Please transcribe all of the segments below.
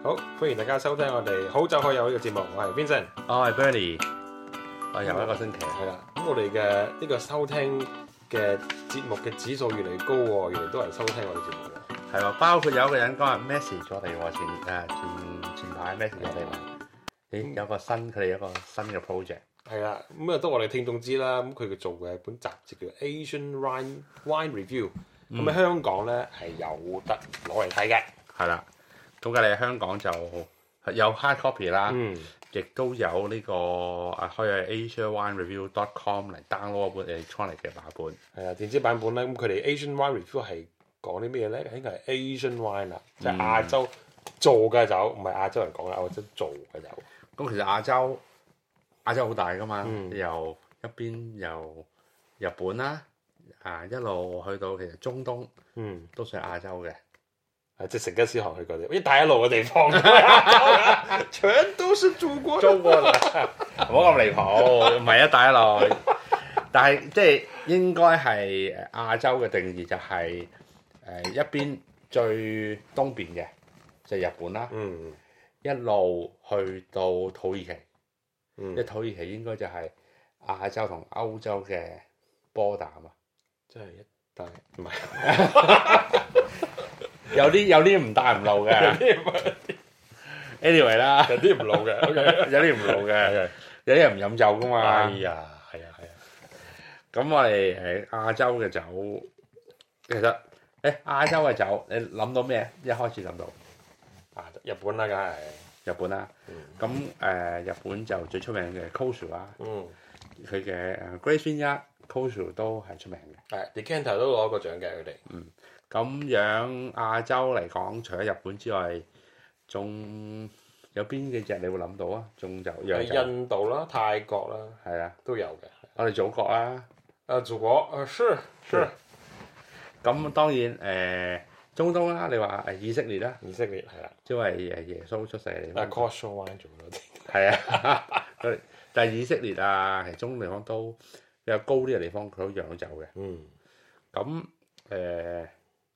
好，歡迎大家收聽我哋好酒好友呢個節目，我係 Vincent，我係、oh, Bernie，、oh, 又一個星期係啦。咁我哋嘅呢個收聽嘅節目嘅指數越嚟越高喎，越嚟越多人收聽我哋節目嘅，係啦。包括有一個人今日 message 我哋，話、啊、前誒前前排 message 我哋話，咦有個新佢哋、嗯、有一個新嘅 project，係啦。咁啊都我哋聽眾知啦，咁佢做嘅本雜誌叫 Asian Wine Wine Review，咁喺、嗯、香港咧係有得攞嚟睇嘅，係啦。咁嘅咧，隔離香港就有 hard copy 啦，亦、嗯、都有呢、呢個啊，可以 Asian Wine Review dot com 嚟 download 一本 electronic、uh, 嘅版本。係啊，電子版本咧，咁佢哋 Asian Wine Review 係講啲咩咧？應該係 Asian Wine、嗯、啊。就係亞洲做嘅酒，唔係亞洲人講啦，我真做嘅酒。咁其實亞洲亞洲好大噶嘛，嗯、由一邊由日本啦，啊，一路去到其實中東，嗯，都算亞洲嘅。即係成吉思汗去嗰啲一帶一路嘅地方，全 都是做中國。中國唔好咁離譜，唔係一帶一路， 但係即係應該係亞洲嘅定義就係、是、誒、呃、一邊最東邊嘅就係、是、日本啦。嗯，一路去到土耳其，嗯，即土耳其應該就係亞洲同歐洲嘅波 o r 即係一帶唔係。是 有啲有啲唔帶唔漏嘅，anyway 啦，有啲唔漏嘅，OK， 有啲唔漏嘅，有啲人唔飲酒㗎嘛，哎呀，係啊，係啊。咁我哋誒亞洲嘅酒，其實誒、欸、亞洲嘅酒，你諗到咩？一開始諗到啊，日本啦、啊，梗係日本啦、啊。咁誒、嗯呃、日本就最出名嘅 Koshu 啦、啊，佢嘅 Grace Koshu 都係出名嘅，係，Decanter 都攞過獎嘅佢哋，嗯。咁樣亞洲嚟講，除咗日本之外，仲有邊幾隻你會諗到啊？仲有印度啦、泰國啦，係啊，都有嘅。我哋祖國啦，啊祖國，啊是是。咁當然誒，中東啦，你話以色列啦，以色列係啦，即係耶耶穌出世嘅地方。啊，cosmic angel 嗰啲。係啊，但係以色列啊，其中東地方都比較高啲嘅地方，佢都養走嘅。嗯。咁誒？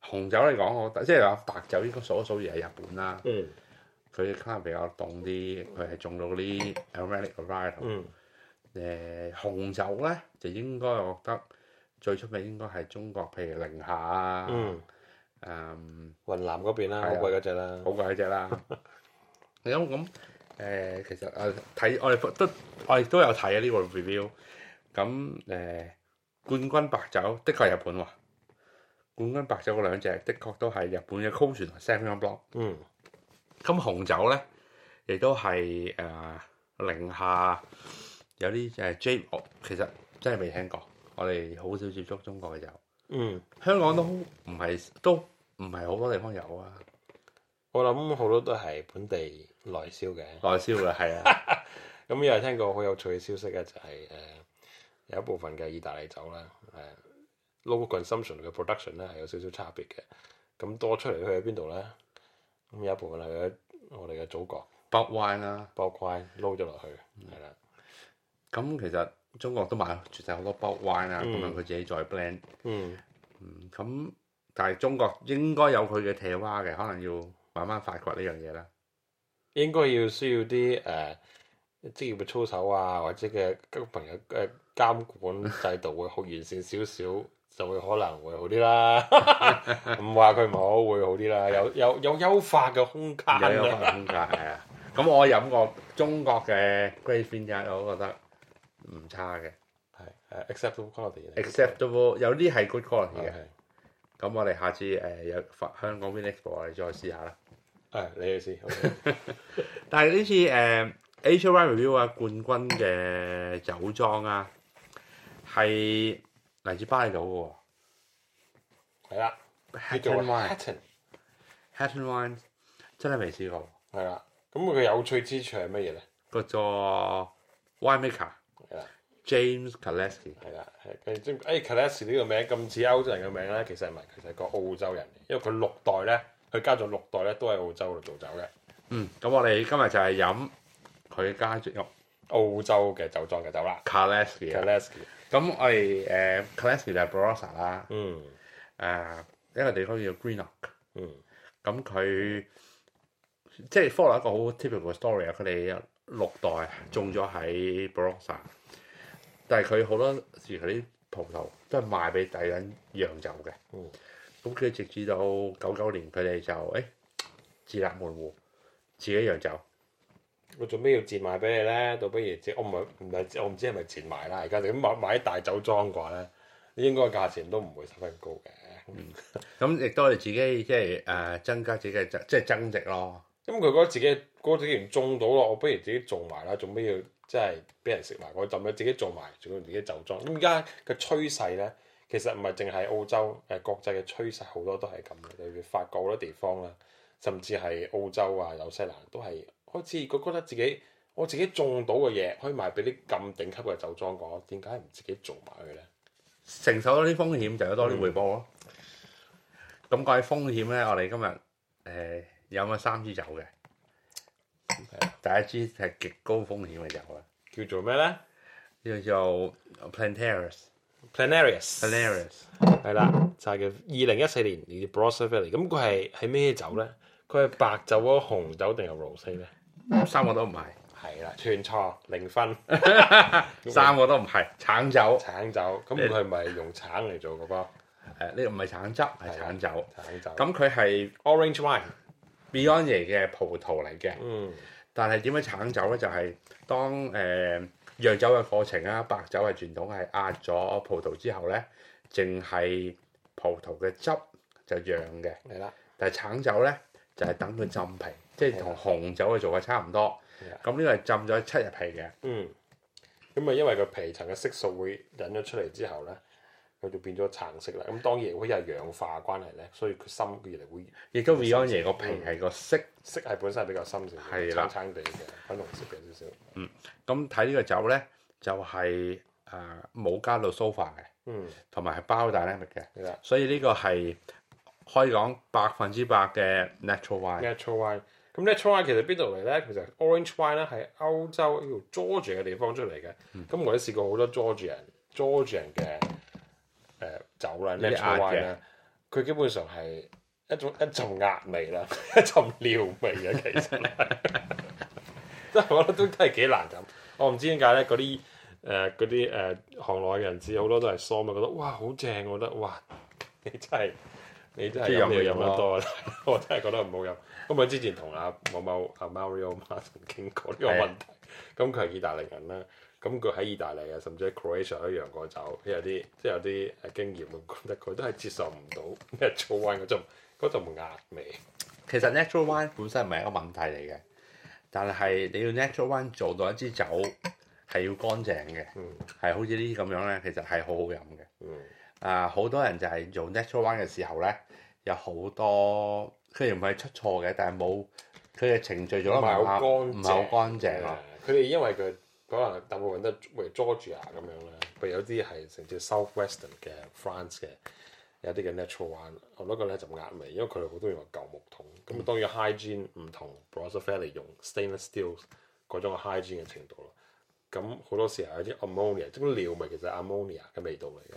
紅酒嚟講，我覺得即係話白酒應該數一數二係日本啦。佢可能比較凍啲，佢係種到啲 Amaranth、嗯。誒、呃、紅酒咧就應該覺得最出名應該係中國，譬如寧夏、嗯嗯、啊，誒雲南嗰邊啦，好貴嗰隻啦，好貴嗰隻啦。你諗咁誒？其實誒睇、呃呃、我哋都我哋都有睇啊呢個 review。咁、呃、誒冠軍白酒的確係日本喎。冠軍白酒嗰兩隻，的確都係日本嘅 c o e n 船同山陰博。嗯。咁紅酒咧，亦都係誒、呃、寧夏有啲就誒 j a d 其實真係未聽過。我哋好少接觸中國嘅酒。嗯。香港都唔係都唔係好多地方有啊。我諗好多都係本地內銷嘅。內銷嘅係啊。咁又係聽過好有趣嘅消息嘅、就是，就係誒有一部分嘅意大利酒咧誒。嗯攞個 consumption 嘅 production 咧係有少少差別嘅，咁、嗯、多出嚟去喺邊度咧？咁有一部分係我哋嘅祖國，bulk wine 啦、啊，b bulk wine 攞咗落去，係啦、嗯。咁其實中國都買絕世好多 bulk wine 啦，可能佢自己再 blend。嗯嗯。咁、嗯、但係中國應該有佢嘅 team 踢蛙嘅，可能要慢慢發掘呢樣嘢啦。應該要需要啲誒、呃、職業嘅操守啊，或者嘅急朋友嘅監管制度會好完善少少。 就會可能會好啲啦，唔話佢唔好，會好啲啦，有有有優化嘅空間，有優化嘅空間，係啊。 咁我飲過中國嘅 Grace Vineyard，我覺得唔差嘅。係誒、啊、，Acceptable Quality Acceptable 有啲係 Good Quality 嘅。係、啊。咁我哋下次誒、呃、有法香港 Vinexpo 啊，我哋再試下啦。誒、啊，你去試。Okay、 但係呢次誒 Asia Wine Review 啊，冠軍嘅酒莊啊，係。嚟自巴厘島嘅喎，係啦，Hatten，Hatten Wine，真係未試過。係啦，咁佢嘅有趣之處係乜嘢咧？個做 Winemaker 係啦，James Kalleske、哎、Kalleske 係啦，係即係 Kalleske 呢個名咁似歐洲人嘅名咧，其實唔係，其實係個澳洲人，因為佢六代咧，佢加咗六代咧都喺澳洲度做酒嘅。嗯，咁我哋今日就係飲佢家族澳洲嘅酒莊嘅酒啦，Kalleske。咁我哋誒 Classic 嘅 Barossa 啦，嗯，誒一個地方叫 Greenock，嗯，咁佢即係 follow 一個好 typical story 啊，佢哋六代種咗喺 Barossa，但係佢好多時佢啲葡萄都係賣俾第啲人釀酒嘅，咁佢、嗯、直至到九九年佢哋就誒、哎、自立門戶，自己釀酒。我做咩要賤賣俾你咧？倒不如自己，我唔係唔係，我唔知係咪賤賣啦。而家你咁買買啲大酒莊嘅話咧，應該價錢都唔會十分高嘅。咁 亦、嗯、都係自己即係誒增加自己嘅即係增值咯。咁佢覺得自己嗰啲唔種到咯，我不如自己做埋啦。做咩要即係俾人食埋？我就咪自己做埋，做自己酒莊。咁而家嘅趨勢咧，其實唔係淨係澳洲誒國際嘅趨勢，好多都係咁嘅，例如法國好多地方啦，甚至係澳洲啊、紐西蘭都係。好似佢覺得自己我自己種到嘅嘢可以賣俾啲咁頂級嘅酒莊講，點解唔自己做埋佢咧？承受多啲風險就有多啲回報咯。咁講起風險咧，我哋今日誒有咗三支酒嘅。的第一支係極高風險嘅酒啦，叫做咩咧？叫做 Plenarius。Plenarius。Plenarius。係啦，就係二零一四年，你、就是、Barossa 嚟。咁佢係係咩酒咧？佢係白酒啊，紅酒定係 Rosé 咧？三個都唔係，係啦，全錯零分。 三個都唔係橙酒，橙酒。咁佢係咪用橙嚟做、呃這個波？呢個唔係橙汁，係橙酒、啊。橙酒。咁佢係 orange wine beany 嘅葡萄嚟嘅。嗯。但係點樣橙酒咧？就係、是、當誒釀、呃、酒嘅過程啦、啊，白酒係傳統係壓咗葡萄之後咧，淨係葡萄嘅汁就釀嘅。嚟啦吧。但係橙酒咧。就係等佢浸皮，即係同紅酒嘅做法差唔多。咁呢個係浸咗七日皮嘅。嗯。咁啊，因為個皮層嘅色素會引咗出嚟之後咧，佢就變咗橙色啦。咁當然會因為氧化關係咧，所以佢深越嚟會。亦都 Vion 嘢個皮係個色色係本身比較深少少，啦，的橙哋嘅粉紅色嘅少少。嗯。咁睇呢個酒咧，就係誒冇加到蘇飯嘅。嗯。同埋係包蛋嚟嘅。的所以呢個係。可以講百分之百嘅 natural wine。natural wine 咁 natural wine 其實邊度嚟咧？其實 orange wine 咧係歐洲呢個 Georgia 嘅地方出嚟嘅。咁、嗯、我都試過好多 Georgia 人 Georgia 人嘅誒、呃、酒啦，natural wine 啦的。佢基本上係一種一陣壓味啦，一陣尿味嘅，其實真係我覺得都真係幾難飲。我唔知點解咧，嗰啲誒嗰啲誒行內嘅人士好多都係嗦咪覺得哇好正，我覺得哇你真係～你真係飲嘢飲得多啦？ 我真係覺得唔好飲。咁我之前同阿某某阿 Mario Martin 傾過呢個問題，咁佢係意大利人啦，咁佢喺意大利啊，甚至於 Croatia 都釀過酒，有啲即係有啲經驗，覺得佢都係接受唔到 natural wine 嗰種壓味。其實 natural wine 本身唔係一個問題嚟嘅，但係你要 natural wine 做到一支酒係要乾淨嘅，係、嗯、好似呢啲咁樣咧，其實係好好飲嘅。嗯。啊！好多人就係做 natural wine 嘅時候咧，有好多雖然唔係出錯嘅，但係冇佢嘅程序做得唔係唔係好乾淨。佢哋、 啊、因為佢可能大部分都係 Georgia 咁樣啦，譬如有啲係成只 Southwestern 嘅 France 嘅有啲嘅 natural wine，我多個咧就壓味，因為佢哋好多用舊木桶咁啊，當然 hygiene 唔同。Barossa Valley 用 stainless steel 嗰種嘅 hygiene 嘅程度咯，咁好多時候有啲 ammonia，即係尿咪其實 ammonia 嘅味道嚟嘅。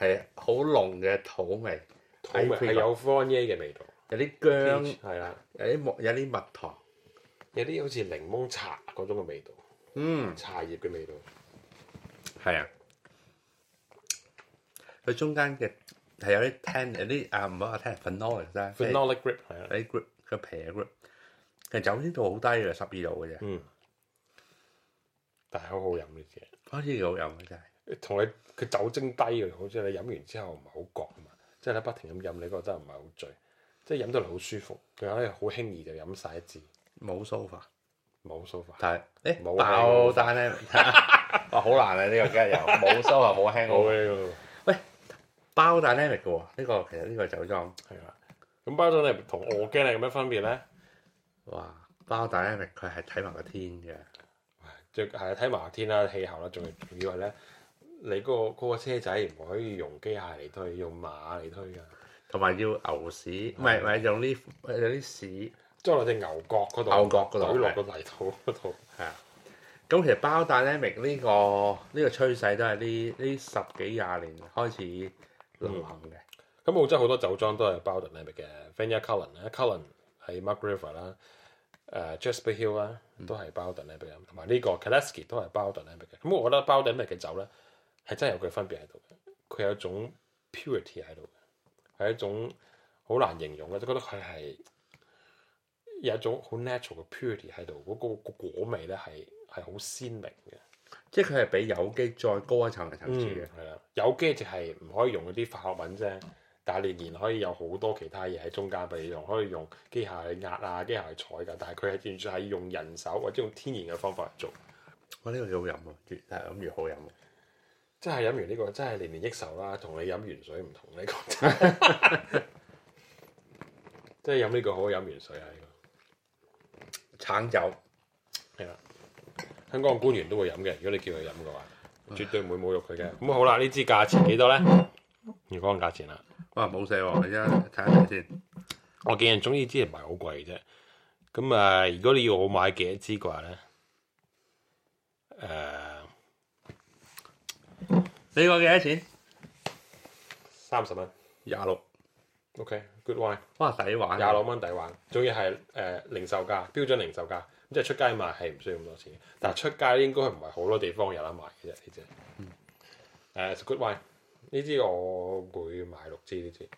係好濃嘅土味，土係有 fondy 嘅味道，有啲薑係啦，有啲木有啲蜜糖，有啲好似檸檬茶嗰種嘅味道，嗯，茶葉嘅味道係啊，佢中間嘅係有啲 ten 有啲啊唔好話 ten phenolic 啦，phenolic grip 係啊，有啲 grip 個皮 grip，其實酒精度好低嘅，十二度嘅啫，嗯，但係好好飲嘅啫，好似好好飲嘅真係。同你佢酒精低嘅，好似你飲完之後唔係好覺啊嘛，即係你不停咁飲，你真得唔係好醉，即係飲到嚟好舒服，佢又咧好輕易就飲曬字，冇 sofa，冇 sofa，但係誒包蛋咧，好難啊呢個梗 a 有，冇 sofa 冇輕㗎喎，喂包蛋力個呢個其實呢個酒莊係啊，咁包裝咧同我 game 有咩分別咧？哇包蛋力，佢係睇埋個天嘅，仲係睇埋個天啦氣候啦，仲以為咧。你嗰個嗰車仔唔可以用機械嚟推，用馬嚟推㗎，同埋要牛屎，唔係唔係用啲用啲屎裝落隻牛角嗰度，倒落個泥土嗰度。係啊，咁其實 Biodynamic 呢個呢、呢個趨勢都係呢呢十幾廿年開始流行嘅。咁澳洲好多酒莊都係 Biodynamic 嘅 Vanya Cullen、Cullen 喺 Margaret River 啦，誒 Jasper Hill 啦、啊，都係 Biodynamic 嘅，同埋呢個 Kalleske 都係 Biodynamic 嘅。咁我覺得 Biodynamic 嘅酒咧～係真係有佢分別喺度嘅，佢有一種 purity 喺度嘅，係一種好難形容嘅，都覺得佢係有一種好 natural 嘅 purity 喺度，嗰、嗰個果味咧係係好鮮明嘅。即係佢係比有機再高一層嘅層次嘅，係啦、嗯。有機就係唔可以用嗰啲化學品啫，但係仍然可以有好多其他嘢喺中間俾你用，可以用機械去壓啊，機械去採㗎。但係佢係完全係用人手或者用天然嘅方法嚟做。哇！呢、呢個又好飲啊，越諗越好飲。真係飲完呢、這個真係年年益壽啦，同你飲完水唔同呢、 這個真，即係飲呢個好飲完水啊！這個、橙酒係啦，香港嘅官員都會飲嘅，如果你叫佢飲嘅話，絕對唔會侮辱佢嘅。咁 好啦，呢支價錢幾多咧？如果 價錢啦！哇，冇事喎、啊，而家查一查先。我見人中意支唔係好貴啫。咁啊，如果你要我買幾多支嘅話咧？呢個幾多錢？三十蚊，廿六。OK，good、okay, wine。哇，抵玩！廿六蚊抵玩，仲要係誒、呃、零售價，標準零售價。咁即係出街買係唔需要咁多錢、嗯、但係出街咧，應該唔係好多地方有得賣嘅啫呢隻。誒、嗯 uh,，good wine。呢支我會買六支呢支。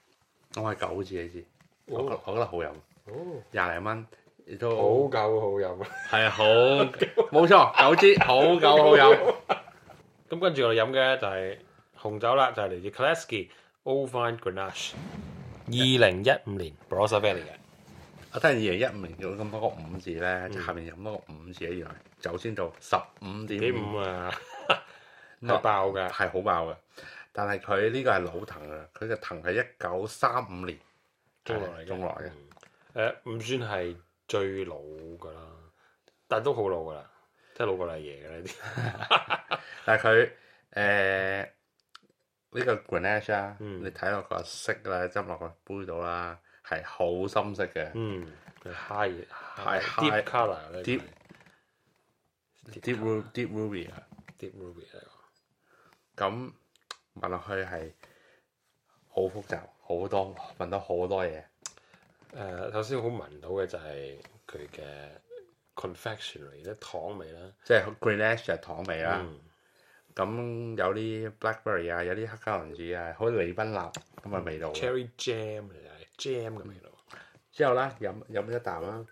我係九支呢支。我覺我覺得好飲。廿零蚊亦都好夠好飲。係啊好，冇錯， 九支好夠好飲。 咁跟住我哋飲嘅就係紅酒啦，就係、是、嚟自 Kalleske Old Vine Grenache，二零一五年 Barossa Valley 嘅。我睇二零一五年有咁多個五字咧，嗯、下面有乜個五字咧？原來酒先到十五點幾五啊，係 他爆噶，係好爆噶。但係佢呢個係老藤啊，佢嘅藤係一九三五年種落嚟嘅，誒唔、嗯嗯、算係最老噶啦，但係都好老噶啦。老過嚟贏㗎啦啲，但係佢誒呢個 Grenache 啊，你睇落個色啦，執落個杯度啦，係好深色嘅，嗯，high，係 high colour 咧，deep deep ruby 啊，deep ruby 嚟㗎。咁、嗯、聞落去係好複雜，好多聞到好多嘢。誒、呃，頭先好聞到嘅就係佢嘅。Confectionery 咧，糖味啦，即係 Grenache 係糖味啦。咁有啲 blackberry 啊，有啲黑加侖子啊，好似利賓納咁嘅味道。Cherry jam 嚟，jam 咁嘅味道。之後啦，飲飲一啖啦，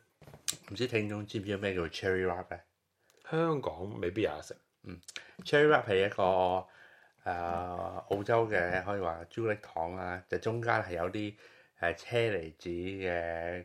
唔知聽眾知唔知咩叫 cherry wrap 咧？香港未必有食。嗯，cherry wrap 係一個誒澳洲嘅，可以話朱古力糖啊，就中間係有啲誒車釐子嘅。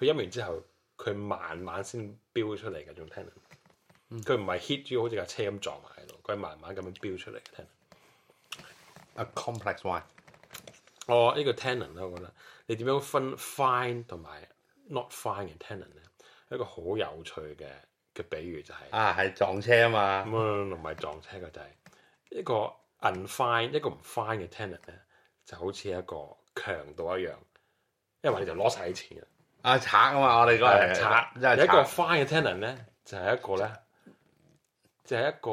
佢飲完之後，佢慢慢先飆出嚟嘅。仲有，佢唔係 hit 住好似架車咁撞埋喺度，佢係慢慢咁樣飆出嚟嘅。Tenon。A complex one。哦，呢、這個 tenon 咧，我覺得你點樣分 fine 同埋 not fine 嘅 tenon 咧？一個好有趣嘅嘅比喻就係、是、啊，係撞車啊嘛咁啊，唔係、嗯、撞車嘅就係、是、一個 unfine 一個唔 fine 嘅 tenon 咧，就好似一個強度一樣，因為你就攞晒啲錢嘅。啊，賊啊嘛！我哋個係賊，一個 fine 嘅 tannin 咧，就係一個咧，就係一個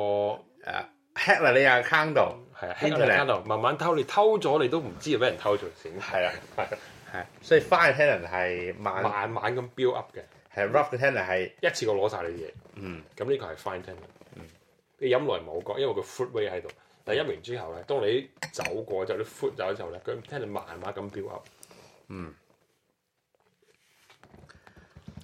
誒 hit 你又 kindle，係 kindle 慢慢偷你，偷咗你都唔知就俾人偷咗先。係啊，係啊，所以 fine tannin 係慢慢慢咁 build up 嘅，係 rough tannin 係一次過攞晒你啲嘢。嗯，咁呢個係 fine tannin。嗯，你飲耐冇覺，因為個 fruit weight 喺度。但係飲完之後咧，當你走過就啲 fruit 走嘅時候咧，佢 tannin 慢慢咁 build up。嗯。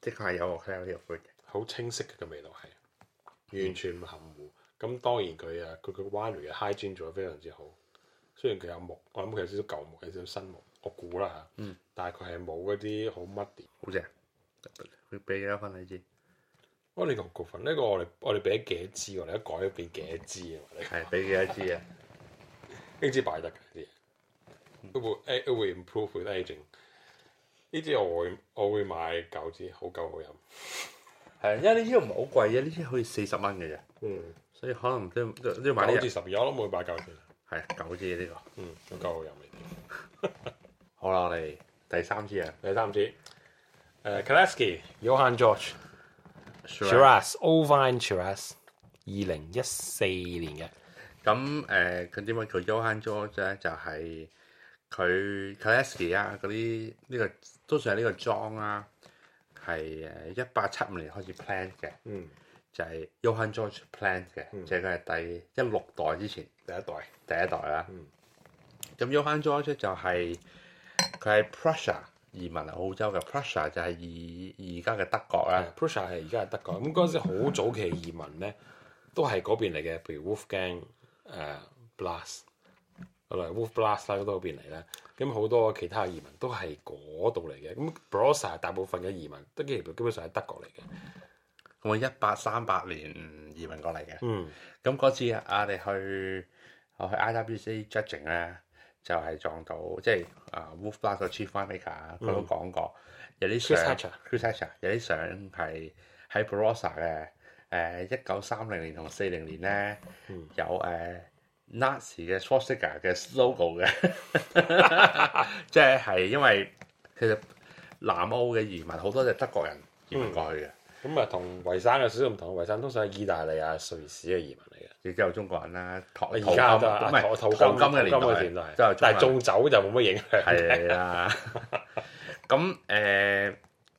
的確係有我 f r i 入杯嘅，好清晰嘅個味道係，完全唔含糊。咁當然佢啊，佢個彎樑嘅 high 尖做得非常之好。雖然佢有木，我諗佢有少少舊木，有少少新木，我估啦吓。嗯，但係佢係冇一啲好乜 u d d y 好正，俾多分你知？哦，你個股分呢個我哋我哋俾幾支，我哋一改俾幾支啊？係俾幾支啊？一支擺得啲，會會會 improve w i a g i n g 呢支我會我會買九支，夠好夠我飲。係，因為呢支唔係好貴啊，呢支好似四十蚊嘅啫。嗯，所以可能都要都要買呢支十二，這個、我都冇買九支。係啊，九支呢、這個，嗯，夠我飲嚟。 好啦，我嚟第三支啊，第三支。誒、呃、Kalleske、Johann Georg，Shiraz、Shiraz、Old Vine Shiraz 二零一四年嘅。咁誒，佢點解佢 Johann Georg 咧？就係。佢 Kalleske 啊，嗰啲呢個都算係呢個莊啊，係誒一八七五年開始 plant 嘅，嗯、就係 Johann George plant 嘅，即係佢係第一六代，之前第一代，第一代啦、啊。咁 Johann、嗯、George 就係、是、佢係 Prussia 移民澳洲嘅、嗯、，Prussia 就係而而家嘅德國啦、啊。嗯、Prussia 係而家係德國，咁嗰陣時好早期移民咧，都係嗰邊嚟嘅，譬如 Wolfgang 誒、uh, Blas。嚟 Wolf Blast 嗰邊嚟咧，咁好多其他移民都係嗰度嚟嘅。咁 Barossa 大部分嘅移民都基基本上係德國嚟嘅，咁，我一八三八年移民過嚟嘅。咁嗰、嗯、次啊，我哋去我去 IWC judging 咧，就係、是、撞到即係啊 Wolf Blast 個 Chief America 佢都講過有啲相，有啲相係喺 Barossa 嘅。誒一九三零年同四零年咧、嗯、有誒。Uh, n a s i 嘅 c h r o e d e r 嘅 logo 嘅，即係、 就是、因為其實南澳嘅移民好多係德國人移民過去嘅。咁啊、嗯，維同維山嘅少少唔同，維山通常係意大利啊、瑞士嘅移民嚟嘅。亦都有中國人啦，淘而家，唔係淘金嘅年代，但係種酒就冇乜影響，係啊。咁誒，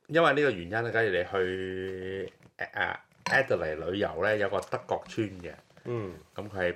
因為呢個原因咧，假如你去阿、啊啊啊啊啊啊、Adelaide 旅遊咧，有個德國村嘅，嗯，咁佢係。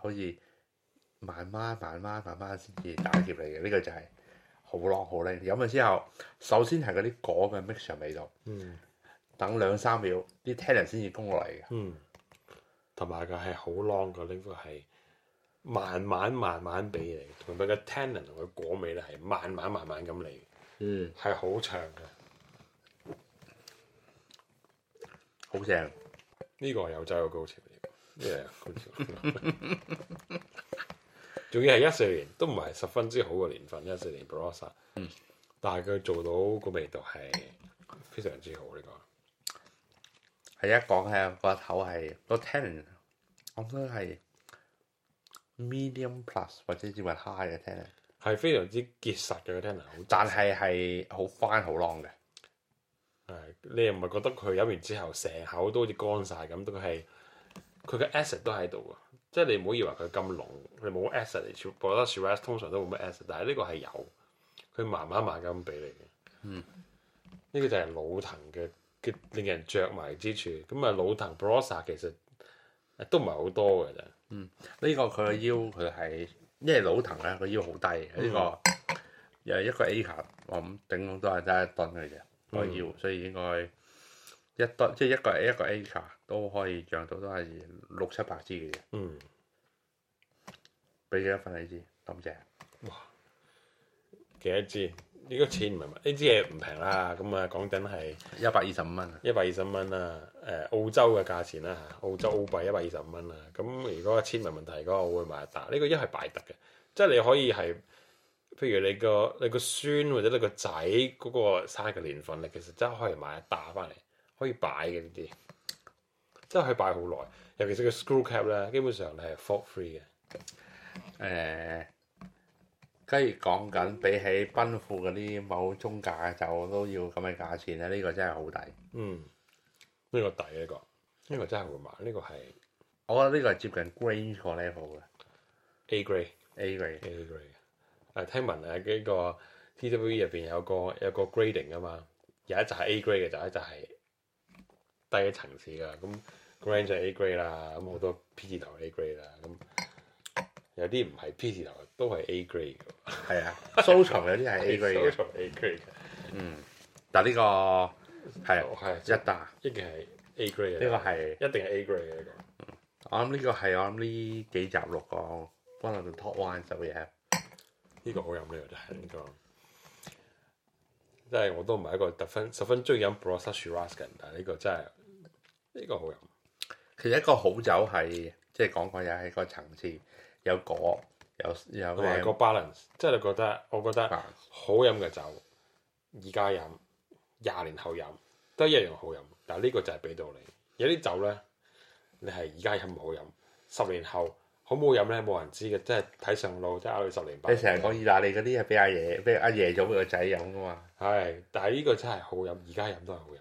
可以慢慢慢慢慢慢先至打劫嚟嘅，呢個就係好 long 好靚。飲咗之後，首先係嗰啲果嘅 mix 上味道，嗯，等兩三秒啲 tannin 先至攻落嚟嘅，嗯，同埋佢係好 long 嘅，呢個係慢慢慢慢俾你。同佢嘅 tannin 同佢果味咧係慢慢慢慢咁嚟，嗯，係好長嘅，好正棒，呢個係有酒嘅高潮。仲 Yeah, 要係一四年都唔係十分之好嘅年份。一四年，Barossa，、嗯、但係佢做到個味道係非常之好呢個。係一講係、個口係、個、Tannin，我覺得係 Medium Plus 或者至埋 High 嘅 Tannin，係非常之結實嘅、個、Tannin 但係係好 Fine 好 Long 嘅，係你又唔係覺得佢飲完之後成口都好似乾晒咁，都係。佢嘅 asset 都喺度啊，即係你唔好以為佢咁濃，佢冇 asset 嚟。Barossa Shiraz 通常都冇乜 asset，但係呢個係有，佢慢慢慢咁畀你嘅。嗯，呢個就係老藤嘅嘅令人着迷之處。咁啊，老藤 Barossa 其實都唔係好多嘅咋。嗯，呢、這個佢嘅腰佢係，因為老藤啊，個腰好低，呢、嗯這個又係一個 acre，我諗頂籠都係得一噸嚟嘅個腰，所以應該。一多即係一個一個 acre 都可以長到都係六七百支嘅啫。嗯，俾你一份 A 支咁正，哇，幾多支？呢個千唔係，呢支嘢唔平啦。咁啊，講真係一百二十五蚊，一百二十五蚊啦。誒、呃，澳洲嘅價錢啦吓，澳洲澳幣一百二十五蚊啦。咁如果一千文係問題，嗰個我會買一打。呢、這個一係擺得嘅，即係你可以係譬如你個你個孫或者你個仔嗰個生嘅年份咧，其實真係可以買一打翻嚟。可以擺嘅呢啲，真係可以擺好耐。尤其是個 screw cap 咧，基本上係 fault free 嘅。誒、呃，跟住講緊比起賓富嗰啲某中價就都要咁嘅價錢咧，呢、這個真係好抵。嗯，呢個抵呢個，呢、這個這個真係唔慢。呢、這個係我覺得呢個係接近 grade level 嘅 A grade，A grade，A grade, grade。誒、啊，聽聞喺呢個 T W E 入邊有個有個 grading 啊嘛，有一隻係 A grade 嘅，就有一隻係。低嘅層次啦，咁 Grange 就係 A grade 啦，咁好多 P 字頭 A grade 啦，咁有啲唔係 P 字頭，都係 A grade 嘅，係啊，收藏有啲係 A grade，收藏 A grade，嗯，但呢個係啊，一打一定係 A grade 嘅，呢個係一定係 A grade 嘅呢個，我諗呢個係我諗呢幾集錄個可能 top one 手嘢，呢個好飲嘅真係呢、呢個。即係我都唔係一個特分十分十分中意飲 Barossa Shiraz 嘅人，但係呢個真係呢、呢個好飲。其實一個好酒係即係講句嘢，係個層次有果有有埋個 balance，即係你覺得衡我覺得好飲嘅酒，而家飲廿年後飲都一樣好飲。但係呢個就係俾到你，有啲酒咧你係而家唔好飲十年後。好唔好飲咧？冇人知嘅，即係睇上路，即係拗佢十年。包。你成日講意大利嗰啲係俾阿爺，俾阿爺做俾個仔飲噶嘛？係，但係呢個真係好飲，而家飲都係好飲。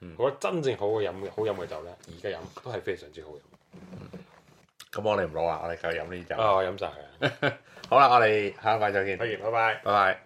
嗯、我覺得真正好飲嘅好飲嘅酒咧，而家飲都係非常之好飲。咁、嗯、我哋唔攞啦，我哋繼續飲呢酒。啊，飲曬。 好啦，我哋下個禮拜再見。拜拜。拜拜。